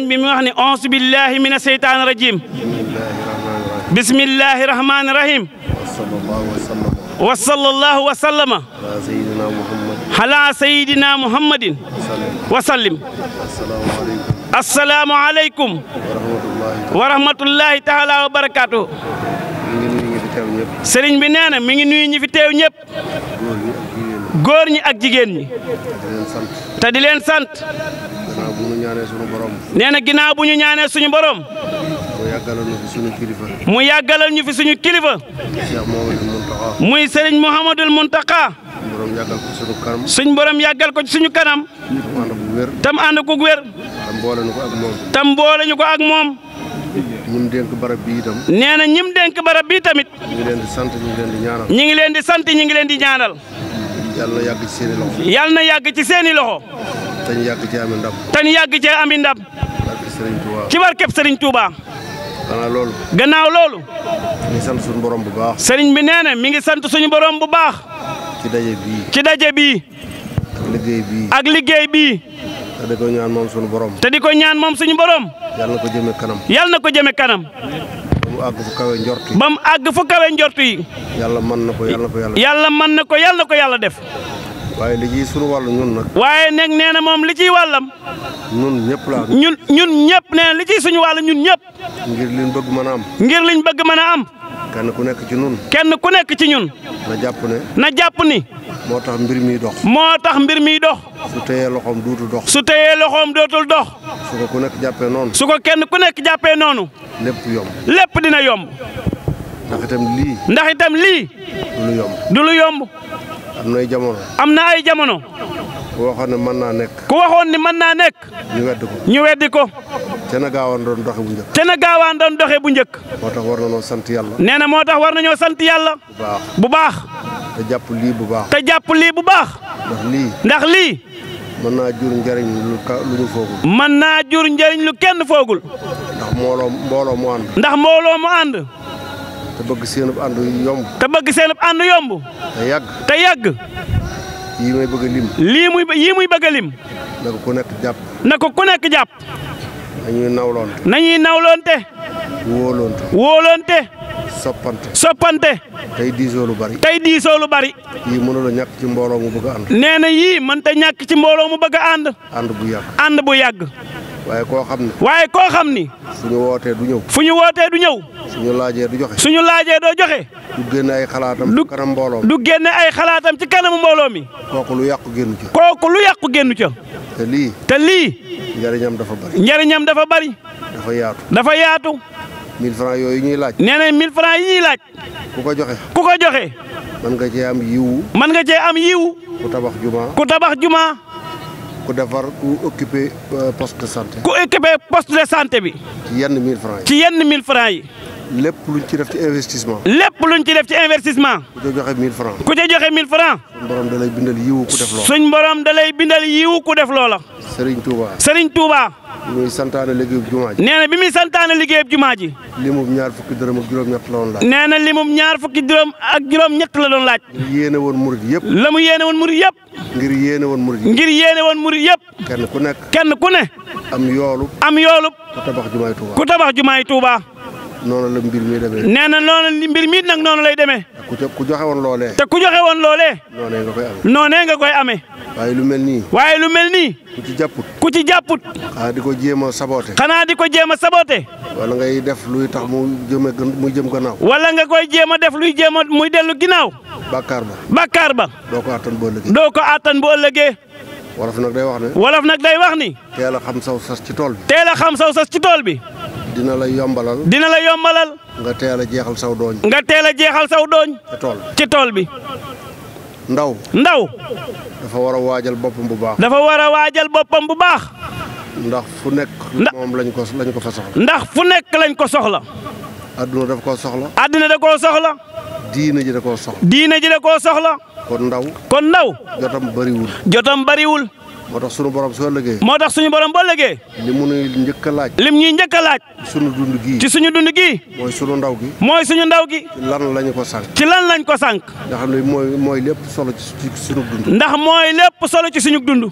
sëriñ bi mi wax ne auzu billahi mina seytaani rajim bismillahi rahmaani rahim wa sallallahu wa sallama ala sayidina muhammadin wa sallim assalaamu aleykum wa rahmatullahi taala wa barakaatu sëriñ bi nee na mi ngi nuyu ñi fi teew ñëpp góor ñi ak jigéen ñi te di leen sant bu ñu ñaanee suñu borom. nee na ginnaaw bu ñu ñaanee suñu borom. mu yàggalal ñu fi suñu kilifa. mu yàggalal ñu fi suñu kilifa. muy Serigne Mouhamadul Mountakha. suñu borom yàggal ko ci suñu kanam. suñu borom yàggal ko ci suñu kanam. tam ànd ko wér. tam boole ñu ko ak moom. tam boole ñu ko ak moom. ñim denk barab bii itam. nee ñim dénk barab bi tamit. ñu leen di sant ñu leen di ñaanal. ñu ngi leen di sant ñu ngi leen di ñaanal. yàlla na yàgg ci seeni loxo. yàlla na yàgg ci seeni loxo. tañ yàgg cee am ndam. tañ yàgg cee am ndam. ci barkeb Serigne Touba. gannaaw loolu. gannaaw loolu. mi ngi suñu borom bu baax. sëriñ bi nee na mi ngi sant suñu borom bu baax. ci daje bii. ci daje bii. ak liggéey bii. ak liggéey bii. te di ko ñaan moom suñu borom. te di ko ñaan moom suñu borom. yal na ko jëme kanam. yal na ko jëme kanam. ba mu àgg fu àgg fu kawe njort yàlla mën na ko yàlla yàlla. mën na ko yàlla ko yàlla def. waaye li ciy sunu ñun nag. waaye nag nee na moom li ciy wàllam. ñun ñëpp laa. ñun ñun ñëpp nee na suñu wàll ñun ñëpp. ngir liñ bëgg mën a am. ngir liñ bëgg mën a am. kenn ku nekk ci ñun. kenn ku nekk ci ñun. na ne. na jàpp ni. moo tax mbir mi dox. moo tax mbir mi dox. su teyee loxoom dootul dox. su teyee loxoom dootul dox. su ko ku noonu. su kenn ku nekk jàppee noonu. lépp yomb. lépp dina yomb. ndaxitam lii. ndax lii. du yomb. du yomb. am na ay jamono. am na jamono. ku waxoon ne mën naa nekk. ku waxoon ni mën naa nekk. ñu weddi ko ñu weddi ko. te na gaawaan doon doxe bu njëkk. te na gaawaan doon doxe bu njëkk. moo tax war nañoo sant yàlla. nee na moo tax war nañoo sant yàlla. bu baax bu baax. jàpp lii bu baax. te jàpp lii bu baax. ndax lii. ndax lii. mën na jur njëriñ lu ka foogul. mën naa jur njariñ lu kenn foogul. ndax mbooloo mbooloo mu ànd. ndax mbooloo mu ànd. te bëgg seenub ànd yomb. te bëgg seenub ànd yomb. te yàgg ta yàgg. yii may bëgg a lim. lii muy yii lim. na ko ku nekk jàpp. na ko ku nekk jàpp. nañuy nawloonte. nañuy nawloonte. wóoloonte. wóoloonte. soppante. soppante. tey diisoo lu bari. tey diisoo lu bari. yii mënula ñàkk ci mbooloo mu bëgg a ànd. nee na yii mënta ñàkk ci mbooloo mu bëgg a ànd. ànd bu yàgg. ànd bu yàgg. waaye koo xam ne. waaye koo xam ni. fu ñu wootee du ñëw. fu ñu wootee du ñëw. ñu laajee du joxe. suñu laajee doo joxe. du génne ay xalaatam ci kanam mbooloo mi. du génne ay xalaatam ci kanam mbooloo mi. kooku lu yàqu génnu ca. kooku lu yàqu génnu ca. te lii. te lii. njariñam dafa bari. njariñam dafa bari. dafa yaatu. dafa yaatu. 1000 francs yooyu ñuy laaj. nee nañ 1000 francs yi ñuy laaj. ku ko joxe. ku ko joxe. mën nga cee am yiwu. mën nga cee am yiwu. ku tabax juma. ku defar ku occupé euh, poste de santé. ku occupé poste de santé bi. ci yenn 1000 francs yi. ci yenn 1000 francs yi. lépp luñ ci def ci investissement. lépp luñ ci def ci investissement. ku ca joxe 1000 francs. ku ca joxe 1000 francs. suñ borom da bindal yiwu ku def loo la Serigne Touba. Serigne Touba. muy santaane liggéeyub jumaa ji. na bi muy santaane liggéeyub jumaa ji. limub ñaar fukki dërëm ak juróom-ñett la doon laaj. nee na limub ñaar fukki dërëm ak juróom-ñett la doon laaj. ngir yéene woon murid yëpp. la mu yéene woon murid yëpp. ngir yéene woon murid yëpp. ngir yéene woon murid yëpp. kenn ku nekk. kenn ku ne. am yoolub. am yoolub. ku tabax jumaay Touba. ku tabax jumaay Touba. noonu la mbir mi demee. nee na mbir mi nag noonu lay demee. ku joxe woon loolee. te ku joxe woon loolee. noonee nga koy amee. noonee nga koy amee. waaye lu mel nii. waaye lu mel nii. ku ci jàpput. ku ci jàpput. xanaa di ko jéem a saboté. xanaa di ko jéem a saboté. wala ngay def luy tax mu jëme muy jëm gannaaw. wala nga koy jéem a def luy jéem a muy dellu ginnaaw. Bakkaar ba. Bakkaar ba. doo ko attan bu ëllëgee. doo ko attan bu ëllëgee. wolof nag day wax ne. wolof nag day wax ni. teel xam saw sas ci tool bi. teel a xam saw sas ci tool bi. dina la yombalal. dina nga teel a jeexal saw dooñ. nga teel a jeexal saw dooñ. ci tool ci tool bi. ndaw. ndaw. dafa war a waajal boppam bu baax. dafa war a waajal boppam bu baax. ndax fu nekk. moom lañ ko lañ ko fa soxla. ndax fu nekk lañ ko soxla. adduna daf koo soxla. adduna da koo soxla. diina ji da koo soxla. diine ji da koo soxla. kon ndaw. kon ndaw. jotam bariwul. jotam bariwul. moo tax suñu borom soo lëgee moo tax suñu borom boo lëgee li mu nuy njëkk laaj lim ñuy njëkk a suñu dund gii ci suñu dund gii mooy suñu ndaw gi mooy suñu ndaw gi ci lan lañu ko sànq ci lan lañ ko sànq nga xam ne mooy mooy lépp solo ci suñu dund ndax mooy lépp solo ci suñu dund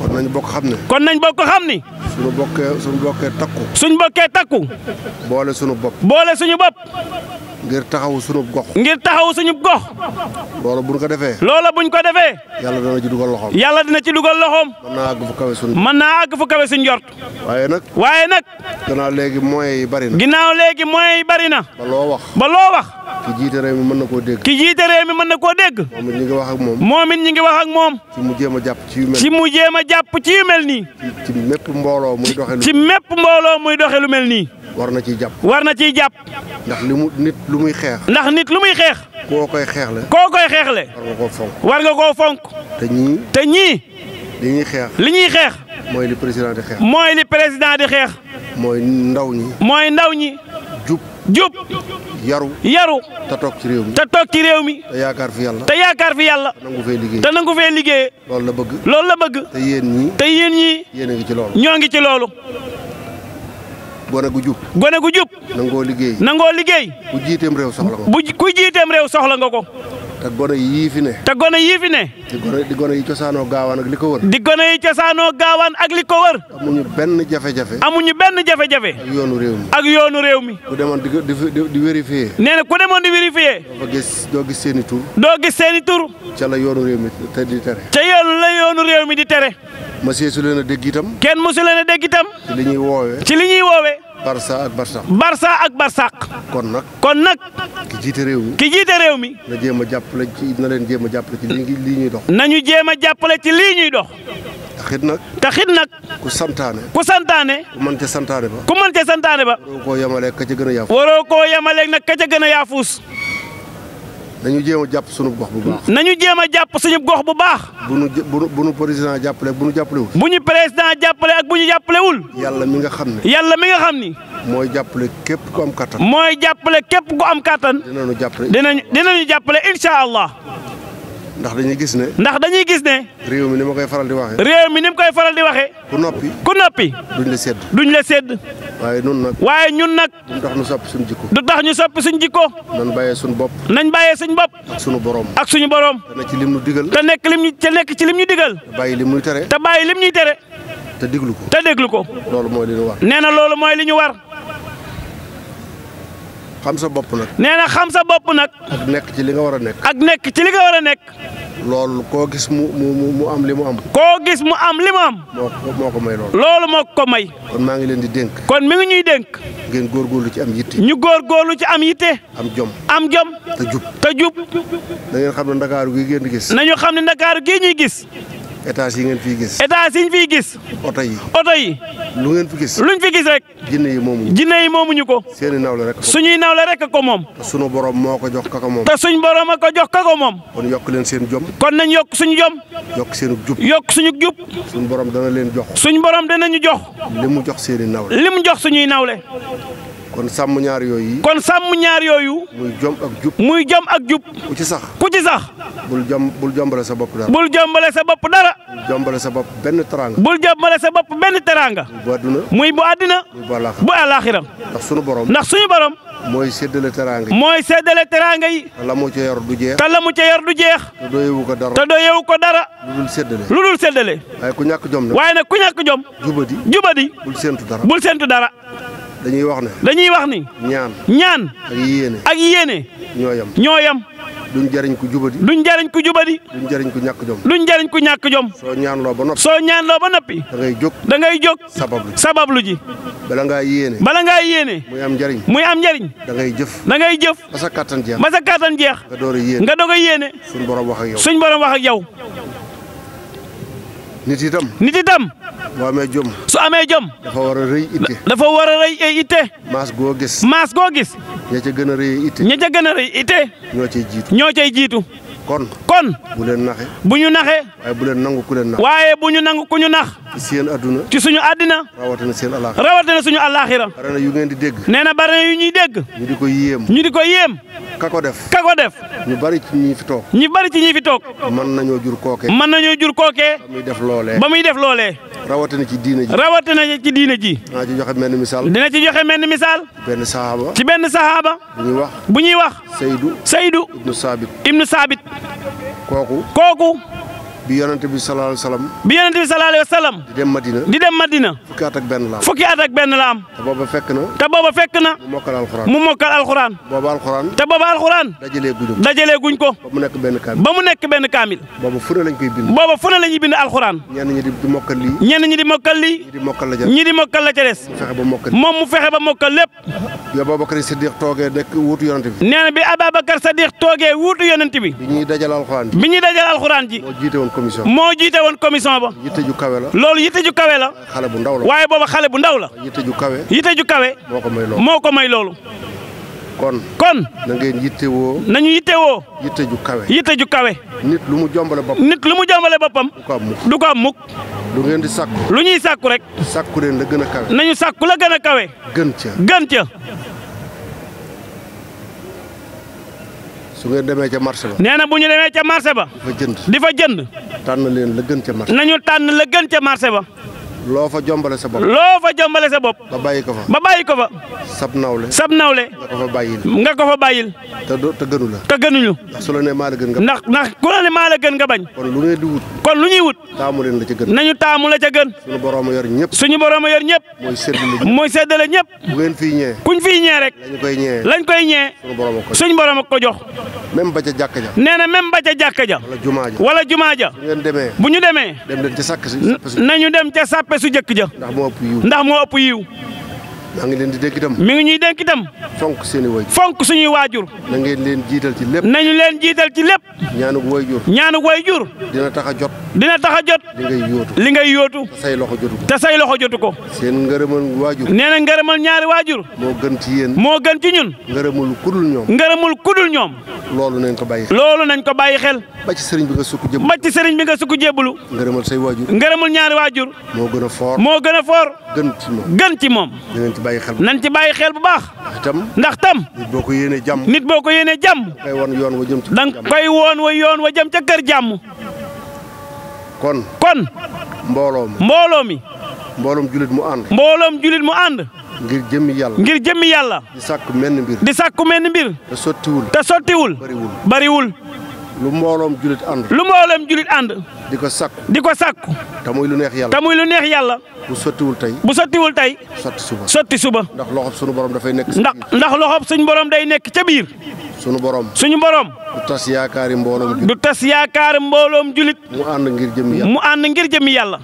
kon nañu bokk xam ne kon nañ bokk xam ni suñu bokkee suñu bokkee takku suñu bokkee takku boole suñu bopp boole suñu bopp ngir taxaw suñu gox. ngir taxaw suñu gox. loola buñ ko defee. loola buñ ko defee. yàlla dana ci dugal loxoom. yàlla dina ci dugal loxoom. mën naa àgg fu kawe suñu. mën naa àgg fu kawe suñu waaye nag. waaye nag. ginnaaw léegi moyens yi bari na. ginnaaw léegi moyens yi bari na. ba loo wax. ba loo wax. ki jiite mi mën na ko dégg. ki jiite mi mën na koo dégg. moom it ñu ngi wax ak moom. moom it ngi wax ak moom. ci mu jéem jàpp ci yu mel. ci jéem a jàpp ci yu mel nii. ci mépp mbooloo muy doxee lu. ci mépp mbooloo muy doxee lu mel nii. war na ci jàpp. war na ciy jàpp. ndax li mu nit lu muy xeex. ndax nit lu muy xeex. koo koy xeexle. koo koy xeexle. war nga koo war nga koo fonk. te ñii. te ñii. li ñuy xeex. li ñuy xeex. mooy li président di xeex. mooy li président di xeex. mooy ndaw ñi. mooy ndaw ñi. jub yaru yaru te toog ci réew mi te toog ci mi. yaakaar fi yàlla te yaakaar fi yàlla. te nangu fee liggéey te nangu fee liggéey. loolu la bëgg loolu la bëgg. te yéen ñii te yéen ñii. yéen ci loolu ñoo ngi ci loolu. gone gu jub gone gu jub. nangoo liggéey nangoo liggéey. bu jiiteem réew soxla nga ko ku jiiteem réew soxla nga ko. te gone yii fi ne. te gone yii fi ne. di gone yi cosaanoo gaawaan ak li ko wër. di gone yi cosaanoo gaawaan ak li ko mu ñu benn jafe-jafe. amuñu benn jafe-jafe. ak yoonu réew mi. ak yoonu réew mi. ku demoon di di di vérifier. nee na ku demoon di vérifier. doo gis doo gis seen i tur. doo gis seen i tur. ca la yoonu réew mi te di tere. ca yoonu la yoonu réew mi di tere. ma seesu leen a dégg itam. kenn mosu leen a dégg itam. ci li ñuy woowee. ci li ñuy woowee. Barça ak Barsaq. Barça ak Barsaq. kon nag kon nag. ki jiite réew mi. ki jiite réew mi. na jéem a jàppale ci na leen jéem a jàpp jàppale ci lii ñuy dox. nañu jéem a jàppale ci lii ñuy dox. taxit nag. taxit nag. ku santaane. ku santaane. ku mën ca santaane ba. ku man ca santaane ba. waroo koo yemaleeg ka ca a ka ca gën a yaafuus. nañu jéem a jàpp suñu gox bu baax. nañu jéem a jàpp suñu gox bu baax. bu nu bu nu président jàppale bu nu jàppalewul. bu ñu président jàppale ak bu ñu jàppalewul. yàlla mi nga xam ne. yàlla mi nga xam ni. mooy jàppale képp ku am kattan. mooy jàppale képp ku am kattan. dinañu jàppale dinañu dinañu jàppale incha allah. ndax dañuy gis ne. ndax dañuy gis ne. réew mi ni ma koy faral di waxee. réew mi ni mu koy faral di waxee. ku noppi. ku noppi. duñ la sedd. duñ la sedd. waaye ñun nag. waaye ñun nag. du tax ñu soppi suñu jikko. du tax ñu soppi suñu jikko. nañ bàyyee suñu bopp. nañ bàyyee suñu bopp. ak suñu borom. ak suñu borom. te nekk ci lim ñu digal. te nekk lim ñu te nekk ci lim ñu digal. te bàyyi li ñuy tere. te bàyyi lim ñuy tere. te déglu ko. te déglu ko. loolu mooy li ñu nee na loolu mooy li ñu war. xam sa bopp nag. nee na xam sa bopp nag. ak nekk ci li nga war a nekk. ak nekk ci li nga war a nekk. loolu koo gis mu mu mu am li mu am. koo gis mu am li mu am. moo ko may loolu. loolu moo ko may. kon maa ngi leen di dénk. kon mi ngi ñuy dénk. ngeen góorgóorlu ci am yitte. ñu góor góorgóorlu ci am yitte. am jom. am jom. te jub te jub. na ngeen xam ne ndakaaru gi di gis. nañu xam ne ndakaaru gii ñuy gis. étage yi ngeen fiy gis. étage yi ñu gis. oto yi oto lu ngeen fi gis. luñ fi gis rek. jinne yi moomuñu. jinne yi moomuñu ko. seeni nawle rek. suñuy nawle rek ko moom. te suñu borom moo ko jox kaka moom. te suñ borom ak ko jox kaka moom. kon yokk leen seen jom. kon nañ yokk suñu jom. yokk seen jub. yokk suñu jub. suñu borom dana leen jox. suñu borom danañu jox. li mu jox seeni nawle. li mu jox suñuy nawle. kon sàmm ñaar yooyu. kon sàmm ñaar yooyu. muy jom ak jub. muy jom ak jub. ku ci sax. ku ci sax. bul jom bul sa bopp jombale sa bopp benn teraanga. bul jombale sa bopp benn teraanga. muy bu àdduna. muy bu àddina. bu alaaxira. ndax suñu borom. ndax suñu borom. mooy séddale teraanga yi. mooy séddale teraanga yi. la mu ca yor du jeex. te la mu ca yor du jeex. te doo yewu ko dara. te doo yewu ko dara. lu dul séddale. lu dul seddale waaye ku ñàkk jom nag. waaye nag ku ñàkk jom. jubadi jubadi. bul séentu dara. bul séentu dara. dañuy wax ne. dañuy wax ni. ñaan. ñaan. ak yéene. ak yéene. ñoo ñoo yam. ñu jariñ ku jubadi duñ jariñ ku jubadi duñ jariñ ku ñàkk jom duñ jariñ ku ñàkk jom soo ñaanloo ba noppi soo ñaanloo ba noppi dangay ngay jóg da ngay jóg sabablu sabablu ji bala ngaa yéene bala ngaa yéene muy am njariñ muy am njariñ da ngay jëf da ngay jëf ba sa kattan jeex ba sa kattan jeex nga doog a yéene suñ borom wax ak yow suñ borom wax ak yow nit itam nit itam. bu amee jom. su amee jom. dafa war a rëy itte. dafa war a rëy ay itte. maas goo gis. maas goo gis. ña ca gën a rëy itte. ña ca gën a rëy itte. ñoo cay jiitu ñoo cay jiitu. kon kon. bu leen naxe. bu ñu naxe. waaye bu leen nangu ku leen nax. waaye bu ñu nangu ku ñu nax. ci seen adduna. ci suñu addina. rawatina seen alaaxira. rawatina suñu alaaxira. bare na yu ngeen di dégg. nee na bare yu ñuy dégg. ñu di ko yéem. ñu di ko yéem. ka ko def. ka ko def. ñu bari ci ñi fi toog. ñu bari ci ñi fi toog. mën nañoo jur kookee. mën nañoo jur kookee. ba muy def loole ba muy def loolee. rawatina ci diina ji. rawatina ci diina ji. dina ci joxe benn misaal. dina ci joxe benn misaal. benn sahaaba. ci benn sahaaba. bu ñuy wax. bu ñuy wax. Seydou. Seydou. Ibnu Saabit. Ibnu kooku kooku bi yonent bi sallallahu alayhi wa sallam. bi yonent bi sallallahu alayhi wa sallam. di dem Madina. di dem Madina. fukki at ak benn la am. fukki at ak benn la am. te booba fekk na. mu mokkal alxuraan. mu mokkal alxuraan. te booba alxuraan. dajalee ko. ba mu nekk benn kaamil. ba mu nekk benn kaamil. booba fu ne lañ koy bind. booba fu ne la ñuy alxuraan. ñenn ñi di mokkal lii. ñi di mokkal lii. moom mu fexe ba mokkal lépp. bi Ababakar Sadiq toogee nekk wuutu yonent bi. nee na bi Ababakar Sadiq toogee wuutu yonent bi. bi commission moo jiite woon commission ba. yitte ju kawe la. loolu yitte ju kawe la. xale bu ndaw la waaye booba xale bu ndaw la. yitte ju kawe. yitte ju kawe. moo ko may loolu moo ko may loolu. kon kon. na ngeen yittewoo. nañu yittewoo. yitte ju kawe. yitte ju kawe. nit lu mu jombale boppam. nit lu mu jombale boppam. du du ko am mukk. lu ngeen di sàkku. lu ñuy sàkku rek. sàkku leen la gën a kawe. nañu sàkku la gën a kawe. gën ca gën ca. su demee ca marché ba. nee na bu ñu demee ca marché ba. di fa jënd di fa jënd. tànn leen la gën ca marché. nañu tànn la gën ca marché ba. loo fa jombale sa bopp. loo fa ba bàyyi ko fa. ba bàyyi ko fa. sab nawle. sab nawle. nga ko fa bàyyil. nga ko fa bàyyil. te doo te gënu la. te gënuñu. ndax su la nee maa gën nga. ndax ndax ku la ne maa gën nga bañ. kon lu ñuy di wut. kon lu ñuy wut. taamu leen la ca gën. nañu taamu la ca gën. suñu borom a yor ñëpp. suñu borom a yor ñëpp. mooy séddale ñëpp. mooy séddale ñëpp. bu ngeen fii ñee. kuñ fi ñee rek. lañ koy ñee. lañ koy ñee. suñu borom a ko jox même ba ca jàkka ja. nee na même ba ca jàkka ja. wala jumaa ja. wala jumaa ja. bu ñu demee. dem ñu ca dem ca sàppe su jëkk ja ndax moo ëpp yiw maa ngi leen di dénk itam. mi ngi ñuy dénk itam. fonk seen i waajur. fonk suñuy waajur. na ngeen leen jiital ci lépp. nañu leen jiital ci lépp. ñaanug waajur. ñaanug waajur. dina tax a jot. dina tax a jot. li ngay yóotu. li ngay yóotu. say loxo jotu ko. te say loxo jotu ko. seen ngërëmal waajur. nee na ngërëmal ñaari waajur. moo gën ci yéen. moo gën ci ñun. ngërëmul kudul ñoom. ngërëmul kudul ñoom. loolu nañ ko bàyyi xel. loolu nañ ko bàyyi xel. ba ci sëriñ bi nga sukk jébbalu. ba ci sëriñ bi nga sukk jébbalu. ngërëmal say waajur. ngërëmul ñaari waajur. moo gën a foor. moo gën a foor. gën ci moom. gën ci moom. bàyyi xel nañ ci bàyyi xel bu baax. ndax tam. nit boo ko yéenee jàmm. nit boo ko yéene jàmm. da nga koy woon wa yoon wa jëm ca kër jàmm. kon. kon. mbooloo mbooloo mi. mbooloom julit mu ànd. mbooloom julit mu ànd. ngir jëmmi yàlla. ngir jëmmi yàlla. di sàkku menn mbir. di sàkku menn mbir. te sottiwul. te sottiwul. bariwul bariwul. lu mbooloom julit ànd. lu mbooloom julit ànd. di ko sakku. di ko sakku. te muy lu neex yàlla. te lu neex yàlla. bu sottiwul tey. bu sottiwul tey. sotti suba sotti suba. ndax loxob suñu borom dafay nekk. ndax ndax loxob suñu borom day nekk ca biir. suñu borom. suñu borom. du tas yaakaari mbooloom. du mbooloom julit. mu ànd ngir jëmi mu ànd ngir jëmi yàlla.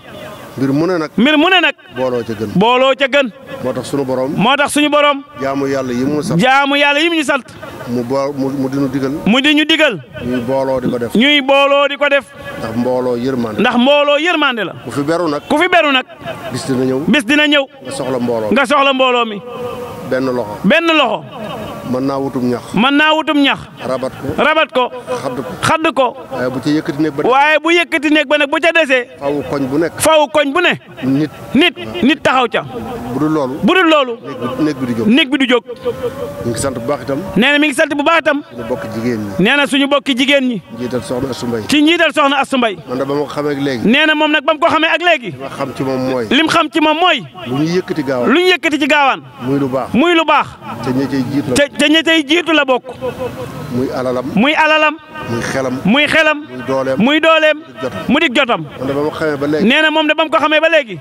mbir mu ne nag. mbir mu ne nag. booloo ca gën. booloo ca gën. moo tax suñu borom. moo tax suñu borom. jaamu yàlla yi mu ñu sant. jaamu yàlla yi mu ñu sant. mu boo mu di ñu digal. mu di ñu digal. ñuy booloo di ko def. ñuy booloo di ko def. ndax mbooloo yërmande. ndax mbooloo yërmande la. ku fi beru nag. ku fi beru nag. bis dina ñëw. bis dina ñëw. nga soxla mbooloo nga soxla mbooloo mi. benn loxo. benn loxo. mën naa wutum ñax. mën naa wutum ñax. rabat ko rabat ko. xadd ko ko. waaye bu ci yëkkati néeg ba. waaye bu yëkkati néeg ba nag bu ca desee. faaw koñ bu nekk. faw koñ bu ne. nit nit nit taxaw ca. bu dul loolu. bu dul loolu. néeg bi du jóg néeg bi jóg. mi ngi sant bu baax itam. nee na mi ngi sant bu baax itam. suñu bokk jigéen ñi. nee na suñu bokk jigéen ñi. njiital soxna Assou Mbaye. ci njiital soxna Assou Mbaye. man de ba ma ko xamee ak léegi. nee na moom na ba mu ko xamee ak léegi. xam ci moom mooy. li mu xam ci moom mooy. lu ñu yëkkati gaawaan. lu ñu yëkkati ci gaawaan. muy lu baax muy lu baax. te ña tey jiitu la bokk. muy alalam. muy alalam. muy xelam. muy xelam. muy dooleem. muy dooleem. mu dig jotam. nee na moom de ba ko xamee ba léegi.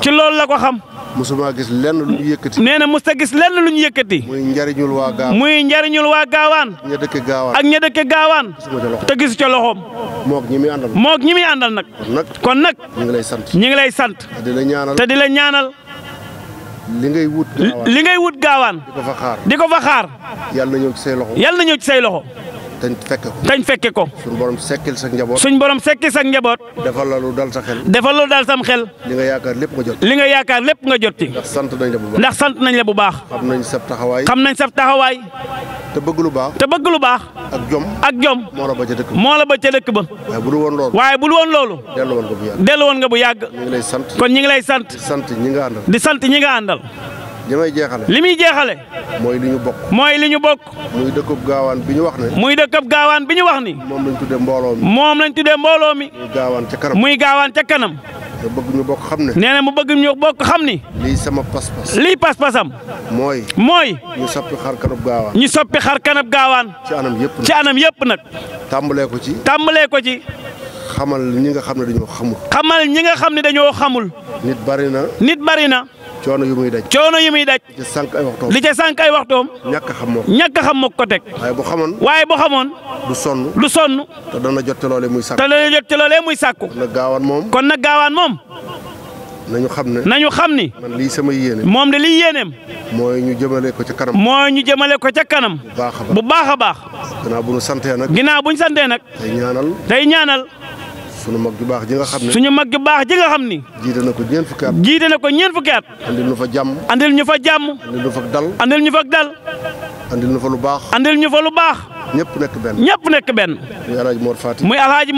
ci loolu la ko xam. musuma gis lenn lu ñu yëkkati. nee na musta gis lenn lu ñu yëkkati. muy njariñul waa gaawaan. muy njariñul waa gaawaan. ña dëkk gaawaan. ak ña dëkk gaawaan. te gis ca loxoom. mook ñi muy àndal. mook ñi àndal nag. kon nag. ñu ngi lay sant. ñu ngi ñaanal. li ngay wut gaawaan li ngay wut gaawaan. di ko fa xaar di ko fa xaar. yàlla ñëw ci say loxo. yàlla na ñëw ci say loxo. tañ fekke ko tañ fekke ko. suñ borom sekkil sa njaboot. suñ borom sekkil sa njaboot. defal la lu dal sa xel. defal lu dal sam xel. li nga yaakaar lépp nga jot. li nga yaakaar lépp nga jot ci. ndax sant nañ la bu baax ndax sant nañ la bu baax. xam nañ sab taxawaay. xam nañ sab taxawaay. te bëgg lu baax. te bëgg lu baax. ak jom ak jom. moo la ba ca dëkk ba moo la ba ca ba. waaye bu dul woon loolu. waaye bu dul woon loolu. dellu woon nga bu yàgg. dellu ngi lay sant. kon ñu ngi lay sant. di sant ñi nga àndal. di sant ñi nga àndal. li may jeexale li muy jeexale mooy li ñu bokk mooy li ñu bokk muy dëkkub gaawaan bi ñu wax ne muy dëkkub gaawaan bi ñu wax ni moom lañ tuddee mbooloo mi moom lañ tuddee mbooloo mi muy gaawaan ca kanam muy gaawaan ca kanam mu bëgg ñu bokk xam ne nee na mu bëgg ñu bokk xam ni lii sama pas-pas lii pas-pasam mooy mooy ñu soppi xar kanab gaawaan ñu soppi xar kanab gaawaan ci anam yëpp ci anam yëpp nag tàmbalee ko ci tàmbalee ko ci xamal ñi nga xam ne dañoo xamul. xamal ñi nga xam ne dañoo xamul. nit bari na. nit bari na. coono yu muy daj. coono yi muy daj. li ca sànq ay waxtoom li ca sànq ay waxtoom. ñàkk a xam moo ñàkk a xam moo ko teg. xamoon. waaye bu xamoon. du sonn du sonn. te dana jot ci loolee muy sàkku. te dana muy sàkku. kon nag gaawaan moom. kon nag gaawaan moom. nañu xam ne nañu xam ni. lii sama yéene. moom de lii yéeneem. mooy ñu jëmale ko ca kanam. mooy ñu jëmale ko ca kanam. bu baax baax bu baax a baax. bu ñu santee nag. ginnaaw bu ñu santee nag. tey ñaanal. tey ñaanal. suñu mag ju baax ji nga xam ne. suñu mag ju ji nga xam ni. jiite na ko ñeent fukki at. na ko ñeent fukki andil ñu fa jàmm. andil ñu fa jàmm. andil ñu fa lu baax. andil ñu fa lu baax. ñëpp nekk benn. ñëpp nekk benn. muy El Hadj Mor Fati. muy El Hadj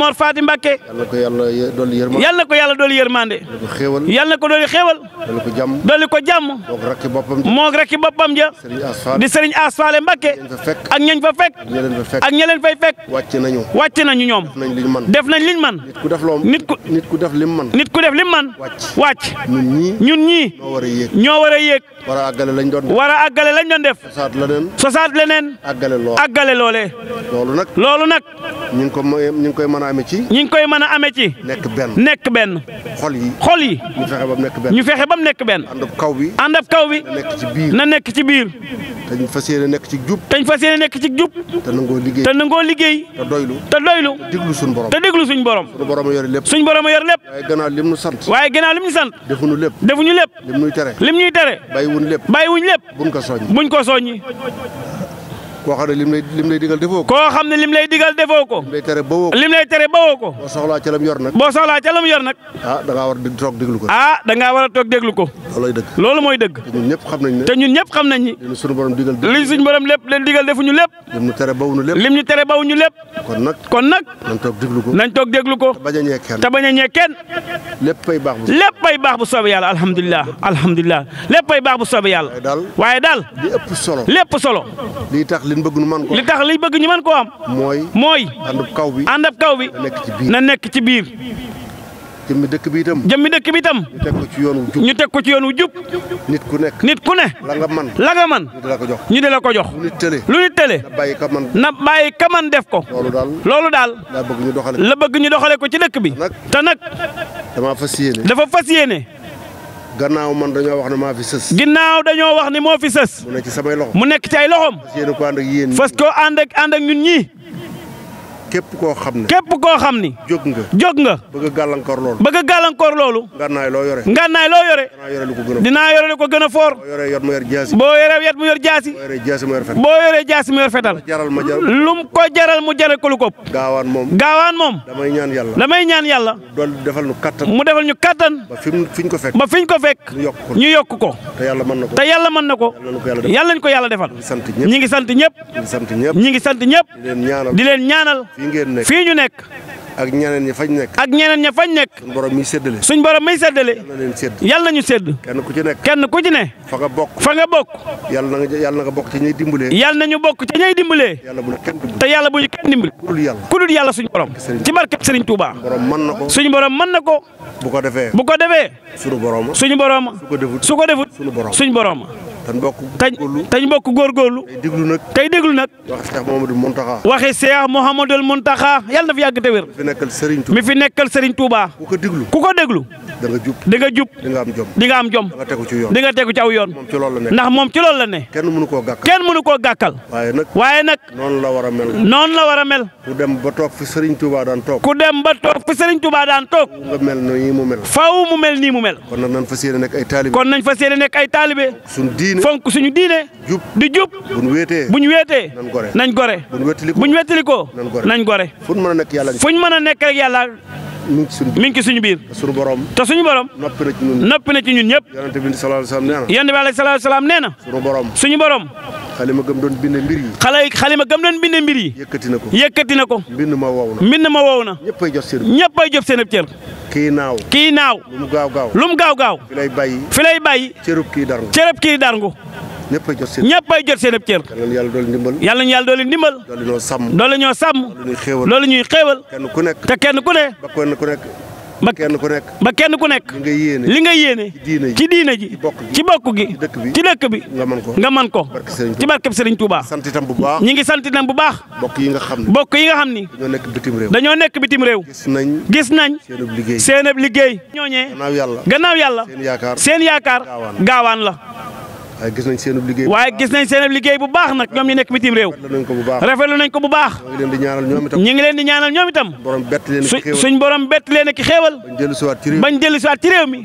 yal na ko yàlla dolli yërmande. yal na ko yàlla dolli yërmande. yal na ko xéewal. yal na ko dolli xéewal. dolli ko jàmm. dolli ko jàmm. moog rakki boppam ja. moog rakki boppam ja. di Serigne Asfaale Mbacke. ak ñañ fa fekk. ak ña leen fay fekk. wàcc nañu. wàcc nañu ñoom. def nañ liñ man. ku def loo nit ku nit ku def lim man. nit ku def lim man. wàcc ñun ñii. ñun ñii ñoo war yéeg. ñoo war a war a lañ doon def. war a àggale lañ doon def. sosaat leneen. sosaat leneen. àggale loo àggale loolee. loolu nag. loolu nag. ñu ngi ko ñu ngi koy mën a amee ci. ñu ngi koy mën a amee ci. nekk benn. nekk benn. xol yi. xol yi. ñu fexe ba mu nekk benn. ñu fexe ba mu nekk benn. àndab kaw bi. àndab kaw bi. na nekk ci biir. na nekk ci biir. dañ fas yéene nekk ci jub. dañ fa yéene nekk ci jub. te nangoo liggéey. te nangoo liggéey. te liggéey te doylu. te déglu suñ borom. borom a yor lépp suñ borom a yor lépp waaye gannaaw lim nu sant waaye gannaaw lim nu sant defuñu lépp defuñu lépp lim nuy tere lim ñuy tere bàyyiwuñ lépp bàyyiwuñ lépp buñ ko soññi buñ ko soññi koo xam ne lim lay lim lay digal defoo ko. koo xam ne lim lay tere bawoo ko ko. boo soxlaa ca yor nag. boo soxlaa ca yor nag. ah da ngaa war a toog déglu ko. ah da ngaa war a toog déglu ko. loolooy mooy dëgg. te ñun ñëpp xam nañ ne. te ñun ñëpp xam nañ ni. li suñu borom digal li suñu borom lépp leen digal defuñu lépp. lim ñu tere bawuñu lépp. lim ñu tere bawuñu lépp. kon nag kon nag. nañ toog déglu ko nañ toog déglu ko. te bañ a ñee kenn te bañ a ñee kenn. léppay baax bu. léppay baax bu soobee yàlla alhamdulilah alhamdulilah léppay baax bu soobee yàlla. waaye daal li ëpp solo lépp solo. lii tax liñ man ko li tax liñ bëgg ñu man koo am. mooy mooy. àndab kaw bi àndab kaw bi. na nekk ci biir. jëmmi dëkk bi itam. jëmmi dëkk bi itam. ñu teg ko ci yoon wu jub. ñu teg ko ci yoon wu nit ku nekk. nit ku ne. la nga man la nga man ñu di la ko jox. ñu di la ko jox. lu nit tële. lu nit tële. na bàyyi ka man. na bàyyi ka man def ko. loolu daal. loolu daal. la bëgg ñu doxale ko ci dëkk bi. te nag. damaa fas yéene. dafa fas yéene. gannaaw man dañoo wax ne maa fi sës. ginnaaw dañoo wax ne moo fi sës. mu nekk ci nekk ci ay loxom. fas ko ànd ak yéen. fas koo ànd ak ànd ak ñun ñii. képp koo xam ne. képp koo xam ni. jóg nga jóg nga. bëgg a gàllankoor loolu. bëgg a gàllankoor loolu. ngànnaay loo yore. ngànnaay loo yore. dinaa yore lu ko gën a. dinaa yore lu ko gën a foor. boo yoree yot mu yor jaasi. boo yoree yot mu yor jaasi. boo yoree jaasi mu yor fetal. boo yoree jaasi mu yor fetal. jaral ma jaral lu mu ko jaral mu jaral ko lu ko. gaawaan moom. gaawaan moom. damay ñaan yàlla. mu defal ñu kattan. ba fi ko fekk. ba fi ñu ko fekk. ñu yokk ko. te yàlla mën na ko. te yàlla mën na ko. yàlla nañu ko yàlla defal. ñi ngi sant ñëpp. ñi ngi sant ñëpp. di ñaanal fii ngeen nekk fii ñu nekk. ak ñeneen ña fañ nekk. ak ñeneen ña fañ nekk. suñ borom miy séddale. suñ borom miy séddale. yal na leen yal na ñu sédd. kenn ku ci nekk. kenn ku ne. fa nga bokk. fa nga bokk. yal na nga yal na nga bokk ci ñay dimbalee. yal na ñu bokk ci ñay bu ñu te yàlla bu ñu kenn dimbalee. ku dul yàlla ku dul yàlla suñ borom. ci barkeb Serigne Touba. borom mën na ko. suñ borom mën na ko. bu ko defee. bu ko defee. suñu borom. suñu borom. su ko defut suñu borom tañ bokk góorgóorlu tañ bokk góorgóorlu. tey déglu nag tey déglu nag. waxi Cheikh Mouhamadul Mountakha. waxi Cheikh Mouhamadul Mountakha yàlla na yàgg te wér. mi fi nekkal Serigne Touba mi fi nekkal Serigne Touba. ku ko déglu ku ko déglu. da nga jub di nga jub di nga am jom di nga am jom di nga tegu ci yoon di nga tegu ci aw yoon ndax moom ci loolu la ne kenn mënu koo gàkkal kenn mënu koo gàkkal waaye nag noonu la war a mel noonu la war a mel ku dem ba toog fi Serigne Touba daan toog ku dem ba toog fi Serigne Touba daan toog nga mel nii mu mel faaw mu mel nii mu mel kon nag nañ fas yéene ay taalibe kon nañ fas yéene nekk ay taalibe suñu diine diine di jub bu ñu wéetee bu ñu wéetee nañ gore buñ wéttalikoo nañ gore fuñ mën a nekk rek yàlla mi ngi ci suñu biir mi suñu biir. te borom. te suñu borom. noppi na ci ñun ñëpp noppi na ci ñun ñëpp. yonent bi sallallahu alayhi wa sallam nee na. yonent bi sallallahu alayhi wa sallam nee na. suñu borom suñu borom. xalima gëm doon bind mbir yi. xale xalima gëm doon bind mbir yi. yëkkati na ko yëkkati na ko. mbind ma wow na mbind ma wow na. ñëppay jot seen ñëppay jot seen ab cër. kii naaw kii naaw. lu mu gaaw gaaw lu mu gaaw gaaw. fi lay bàyyi fi lay bàyyi. cërëb kii darngu cërëb kii darngu ñëppay jot seen ñëppay jot seen ab cër. yal nañu yàlla doole ndimbal. yal nañu yàlla doole ndimbal. doole ñoo sàmm. doole ñoo sàmm. doole ñuy xéewal doole ñuy xéewal. kenn ku nekk kenn ku ne. ba kenn ku nekk. ba kenn ku nek ba kenn ku nekk li nga yéene ci diina ji ci bokk gi ci dëkk bi nga man ko ci barkeb Serigne Touba ñi ngi sant itam bu baax bokk yi nga xam ni dañoo nekk bitim réew gis nañ seen ab liggéey ñooñee gannaaw yàlla seen yaakaar gaawaan la waaye gis nañ seen liggéey waaye gis nañ seen liggéey bu baax nak ñoom ñu nekk bitim réew rafetlu nañ ko bu baax ñu ngi leen di ñaanal ñoom itam suñ borom bett leen ak xéewal bañ dellu siwaat ci réew mi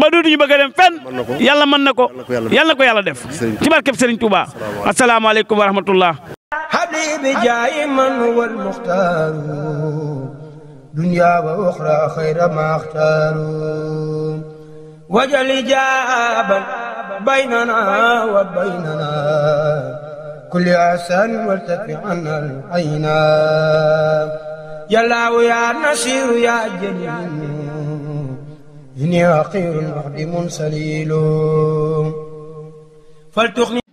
ba duudu ñu bëgg a dem fenn yàlla mën na ko yàlla na ko yàlla def ci barkeb Sëriñ Tuuba asalaamaaleykum wa rahmatullah habibi jaayi man wal muxtaaru dunya wa uxra xayra ma axtaaru wajal ijaaban بيننا وبيننا كل إحسان وارتفع عنا العينا يا الله يا نصير يا جليل إني أخير مقدم سليل فلتغني